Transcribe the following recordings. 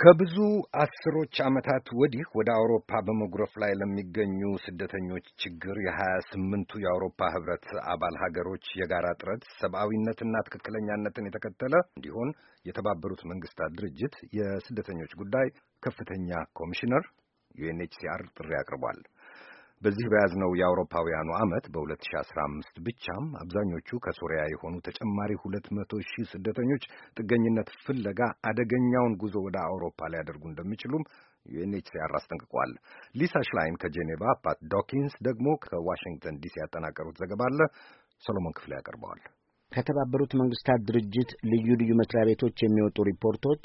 ከብዙ አስሮች ዓመታት ወዲህ ወደ አውሮፓ በመጉረፍ ላይ ለሚገኙ ስደተኞች ችግር የሀያ ስምንቱ የአውሮፓ ህብረት አባል ሀገሮች የጋራ ጥረት ሰብአዊነትና ትክክለኛነትን የተከተለ እንዲሆን የተባበሩት መንግስታት ድርጅት የስደተኞች ጉዳይ ከፍተኛ ኮሚሽነር ዩኤንኤችሲአር ጥሪ አቅርቧል። በዚህ በያዝነው የአውሮፓውያኑ ዓመት በ2015 ብቻም አብዛኞቹ ከሶሪያ የሆኑ ተጨማሪ 200 ሺህ ስደተኞች ጥገኝነት ፍለጋ አደገኛውን ጉዞ ወደ አውሮፓ ሊያደርጉ እንደሚችሉም ዩኤንኤችሲአር አስጠንቅቋል። ሊሳ ሽላይን ከጄኔቫ፣ ፓት ዶኪንስ ደግሞ ከዋሽንግተን ዲሲ ያጠናቀሩት ዘገባ አለ። ሰሎሞን ክፍሌ ያቀርበዋል። ከተባበሩት መንግስታት ድርጅት ልዩ ልዩ መስሪያ ቤቶች የሚወጡ ሪፖርቶች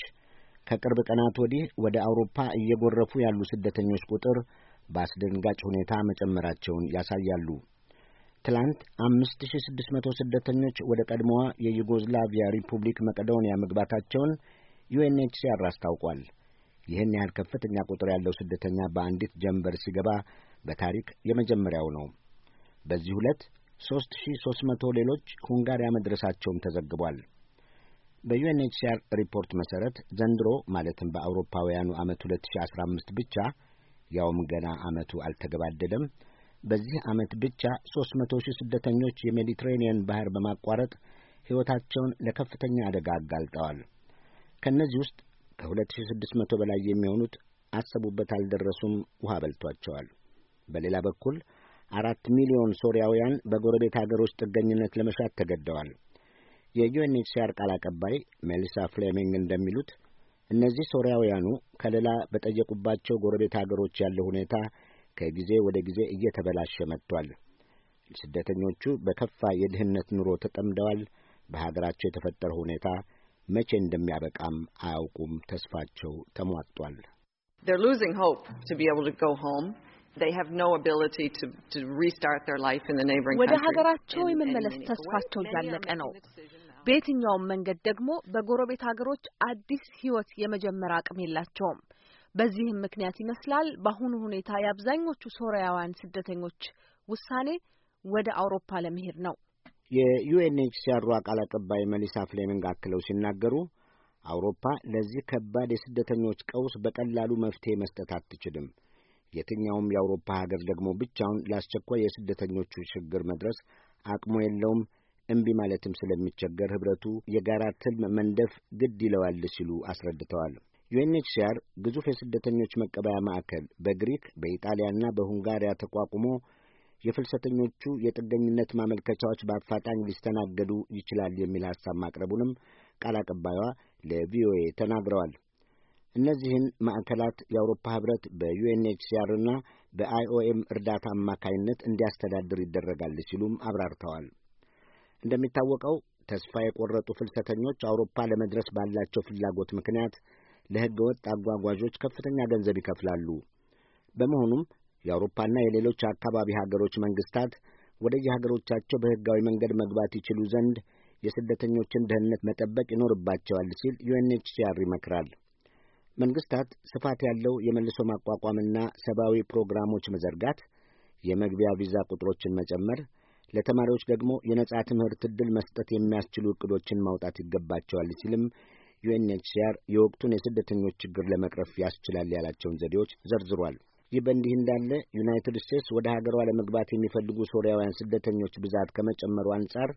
ከቅርብ ቀናት ወዲህ ወደ አውሮፓ እየጎረፉ ያሉ ስደተኞች ቁጥር በአስደንጋጭ ሁኔታ መጨመራቸውን ያሳያሉ። ትላንት አምስት ሺ ስድስት መቶ ስደተኞች ወደ ቀድሞዋ የዩጎዝላቪያ ሪፑብሊክ መቀዶንያ መግባታቸውን ዩኤንኤችሲአር አስታውቋል። ይህን ያህል ከፍተኛ ቁጥር ያለው ስደተኛ በአንዲት ጀንበር ሲገባ በታሪክ የመጀመሪያው ነው። በዚህ ሁለት ሦስት ሺህ ሦስት መቶ ሌሎች ሁንጋሪያ መድረሳቸውም ተዘግቧል። በዩኤንኤችሲአር ሪፖርት መሠረት ዘንድሮ ማለትም በአውሮፓውያኑ ዓመት 2015 ብቻ ያውም ገና ዓመቱ አልተገባደደም። በዚህ ዓመት ብቻ ሦስት መቶ ሺህ ስደተኞች የሜዲትሬኒየን ባህር በማቋረጥ ሕይወታቸውን ለከፍተኛ አደጋ አጋልጠዋል። ከእነዚህ ውስጥ ከ2600 በላይ የሚሆኑት አሰቡበት አልደረሱም፣ ውሃ በልቷቸዋል። በሌላ በኩል አራት ሚሊዮን ሶሪያውያን በጎረቤት አገሮች ጥገኝነት ለመሻት ተገደዋል። የዩኤንኤችሲአር ቃል አቀባይ ሜሊሳ ፍሌሚንግ እንደሚሉት እነዚህ ሶርያውያኑ ከለላ በጠየቁባቸው ጎረቤት አገሮች ያለው ሁኔታ ከጊዜ ወደ ጊዜ እየተበላሸ መጥቷል። ስደተኞቹ በከፋ የድህነት ኑሮ ተጠምደዋል። በሀገራቸው የተፈጠረው ሁኔታ መቼ እንደሚያበቃም አያውቁም። ተስፋቸው ተሟጧል። ወደ ሀገራቸው የመመለስ ተስፋቸው እያለቀ ነው። በየትኛውም መንገድ ደግሞ በጎረቤት ሀገሮች አዲስ ህይወት የመጀመር አቅም የላቸውም። በዚህም ምክንያት ይመስላል በአሁኑ ሁኔታ የአብዛኞቹ ሶሪያውያን ስደተኞች ውሳኔ ወደ አውሮፓ ለመሄድ ነው። የዩኤንኤችሲአሩ ቃል አቀባይ መሊሳ ፍሌሚንግ አክለው ሲናገሩ አውሮፓ ለዚህ ከባድ የስደተኞች ቀውስ በቀላሉ መፍትሄ መስጠት አትችልም። የትኛውም የአውሮፓ ሀገር ደግሞ ብቻውን ለአስቸኳይ የስደተኞቹ ችግር መድረስ አቅሙ የለውም፣ እምቢ ማለትም ስለሚቸገር ህብረቱ የጋራ ትልም መንደፍ ግድ ይለዋል ሲሉ አስረድተዋል። ዩኤንኤችሲአር ግዙፍ የስደተኞች መቀበያ ማዕከል በግሪክ በኢጣሊያና በሁንጋሪያ ተቋቁሞ የፍልሰተኞቹ የጥገኝነት ማመልከቻዎች በአፋጣኝ ሊስተናገዱ ይችላል የሚል ሐሳብ ማቅረቡንም ቃል አቀባዩዋ ለቪኦኤ ተናግረዋል። እነዚህን ማዕከላት የአውሮፓ ህብረት በዩኤንኤችሲአርና በአይኦኤም እርዳታ አማካይነት እንዲያስተዳድር ይደረጋል ሲሉም አብራርተዋል። እንደሚታወቀው ተስፋ የቆረጡ ፍልሰተኞች አውሮፓ ለመድረስ ባላቸው ፍላጎት ምክንያት ለሕገ ወጥ አጓጓዦች ከፍተኛ ገንዘብ ይከፍላሉ። በመሆኑም የአውሮፓና የሌሎች አካባቢ ሀገሮች መንግስታት ወደየሀገሮቻቸው በሕጋዊ መንገድ መግባት ይችሉ ዘንድ የስደተኞችን ደህንነት መጠበቅ ይኖርባቸዋል ሲል ዩኤንኤችሲአር ይመክራል። መንግስታት ስፋት ያለው የመልሶ ማቋቋምና ሰብአዊ ፕሮግራሞች መዘርጋት፣ የመግቢያ ቪዛ ቁጥሮችን መጨመር፣ ለተማሪዎች ደግሞ የነጻ ትምህርት ዕድል መስጠት የሚያስችሉ እቅዶችን ማውጣት ይገባቸዋል ሲልም ዩኤንኤችሲአር የወቅቱን የስደተኞች ችግር ለመቅረፍ ያስችላል ያላቸውን ዘዴዎች ዘርዝሯል። ይህ በእንዲህ እንዳለ ዩናይትድ ስቴትስ ወደ ሀገሯ ለመግባት የሚፈልጉ ሶሪያውያን ስደተኞች ብዛት ከመጨመሩ አንጻር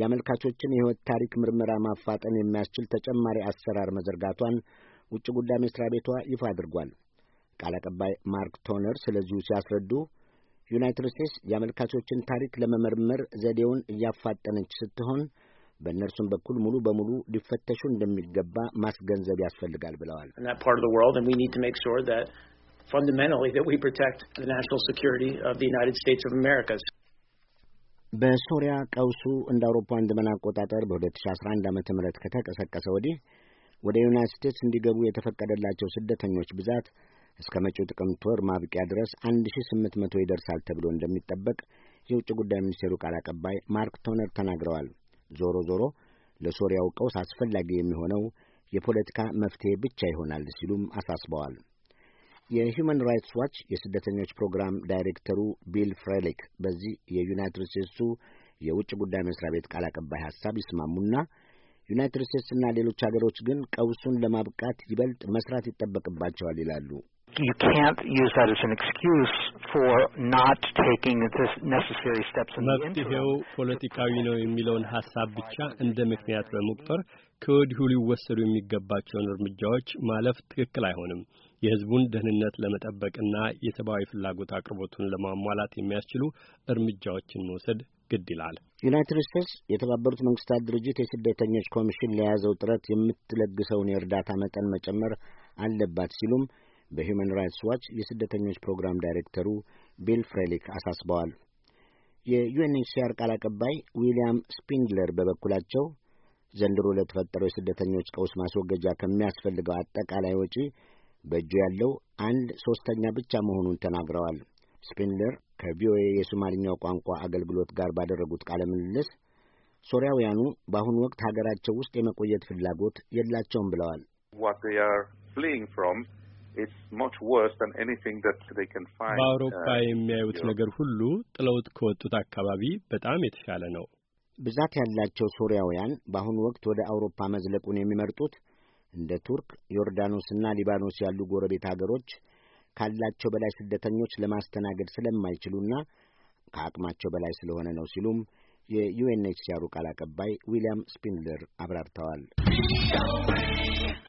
የአመልካቾችን የሕይወት ታሪክ ምርመራ ማፋጠን የሚያስችል ተጨማሪ አሰራር መዘርጋቷን ውጭ ጉዳይ ሚኒስትር ቤቷ ይፋ አድርጓል። ቃል አቀባይ ማርክ ቶነር ስለዚሁ ሲያስረዱ ዩናይትድ ስቴትስ የአመልካቾችን ታሪክ ለመመርመር ዘዴውን እያፋጠነች ስትሆን በእነርሱም በኩል ሙሉ በሙሉ ሊፈተሹ እንደሚገባ ማስገንዘብ ያስፈልጋል ብለዋል። በሶሪያ ቀውሱ እንደ አውሮፓውያን ዘመን አቆጣጠር በ2011 ዓ ም ከተቀሰቀሰ ወዲህ ወደ ዩናይትድ ስቴትስ እንዲገቡ የተፈቀደላቸው ስደተኞች ብዛት እስከ መጪው ጥቅምት ወር ማብቂያ ድረስ 1800 ይደርሳል ተብሎ እንደሚጠበቅ የውጭ ጉዳይ ሚኒስቴሩ ቃል አቀባይ ማርክ ቶነር ተናግረዋል። ዞሮ ዞሮ ለሶሪያው ቀውስ አስፈላጊ የሚሆነው የፖለቲካ መፍትሄ ብቻ ይሆናል ሲሉም አሳስበዋል። የሂዩማን ራይትስ ዋች የስደተኞች ፕሮግራም ዳይሬክተሩ ቢል ፍሬሊክ በዚህ የዩናይትድ ስቴትሱ የውጭ ጉዳይ መስሪያ ቤት ቃል አቀባይ ሐሳብ ይስማሙና ዩናይትድ ስቴትስና ሌሎች አገሮች ግን ቀውሱን ለማብቃት ይበልጥ መስራት ይጠበቅባቸዋል ይላሉ። you can't use that as an excuse for not taking the necessary steps in the መፍትሄው ፖለቲካዊ ነው የሚለውን ሀሳብ ብቻ እንደ ምክንያት በመቁጠር ከወዲሁ ሊወሰዱ የሚገባቸውን እርምጃዎች ማለፍ ትክክል አይሆንም። የሕዝቡን ደህንነት ለመጠበቅና የሰብአዊ ፍላጎት አቅርቦቱን ለማሟላት የሚያስችሉ እርምጃዎችን መውሰድ ግድ ይላል። ዩናይትድ ስቴትስ የተባበሩት መንግስታት ድርጅት የስደተኞች ኮሚሽን ለያዘው ጥረት የምትለግሰውን የእርዳታ መጠን መጨመር አለባት ሲሉም በሂውማን ራይትስ ዋች የስደተኞች ፕሮግራም ዳይሬክተሩ ቢል ፍሬሊክ አሳስበዋል። የዩኤንኤችሲአር ቃል አቀባይ ዊልያም ስፒንድለር በበኩላቸው ዘንድሮ ለተፈጠረው የስደተኞች ቀውስ ማስወገጃ ከሚያስፈልገው አጠቃላይ ወጪ በእጁ ያለው አንድ ሦስተኛ ብቻ መሆኑን ተናግረዋል። ስፒንለር ከቪኦኤ የሶማሊኛው ቋንቋ አገልግሎት ጋር ባደረጉት ቃለ ምልልስ ሶሪያውያኑ በአሁኑ ወቅት ሀገራቸው ውስጥ የመቆየት ፍላጎት የላቸውም ብለዋል። በአውሮፓ uh, የሚያዩት ነገር ሁሉ ጥለውት ከወጡት አካባቢ በጣም የተሻለ ነው። ብዛት ያላቸው ሶሪያውያን በአሁኑ ወቅት ወደ አውሮፓ መዝለቁን የሚመርጡት እንደ ቱርክ፣ ዮርዳኖስና ሊባኖስ ያሉ ጎረቤት አገሮች ካላቸው በላይ ስደተኞች ለማስተናገድ ስለማይችሉና ከአቅማቸው በላይ ስለሆነ ነው ሲሉም የዩኤንኤችሲአሩ ቃል አቀባይ ዊልያም ስፒንለር አብራርተዋል።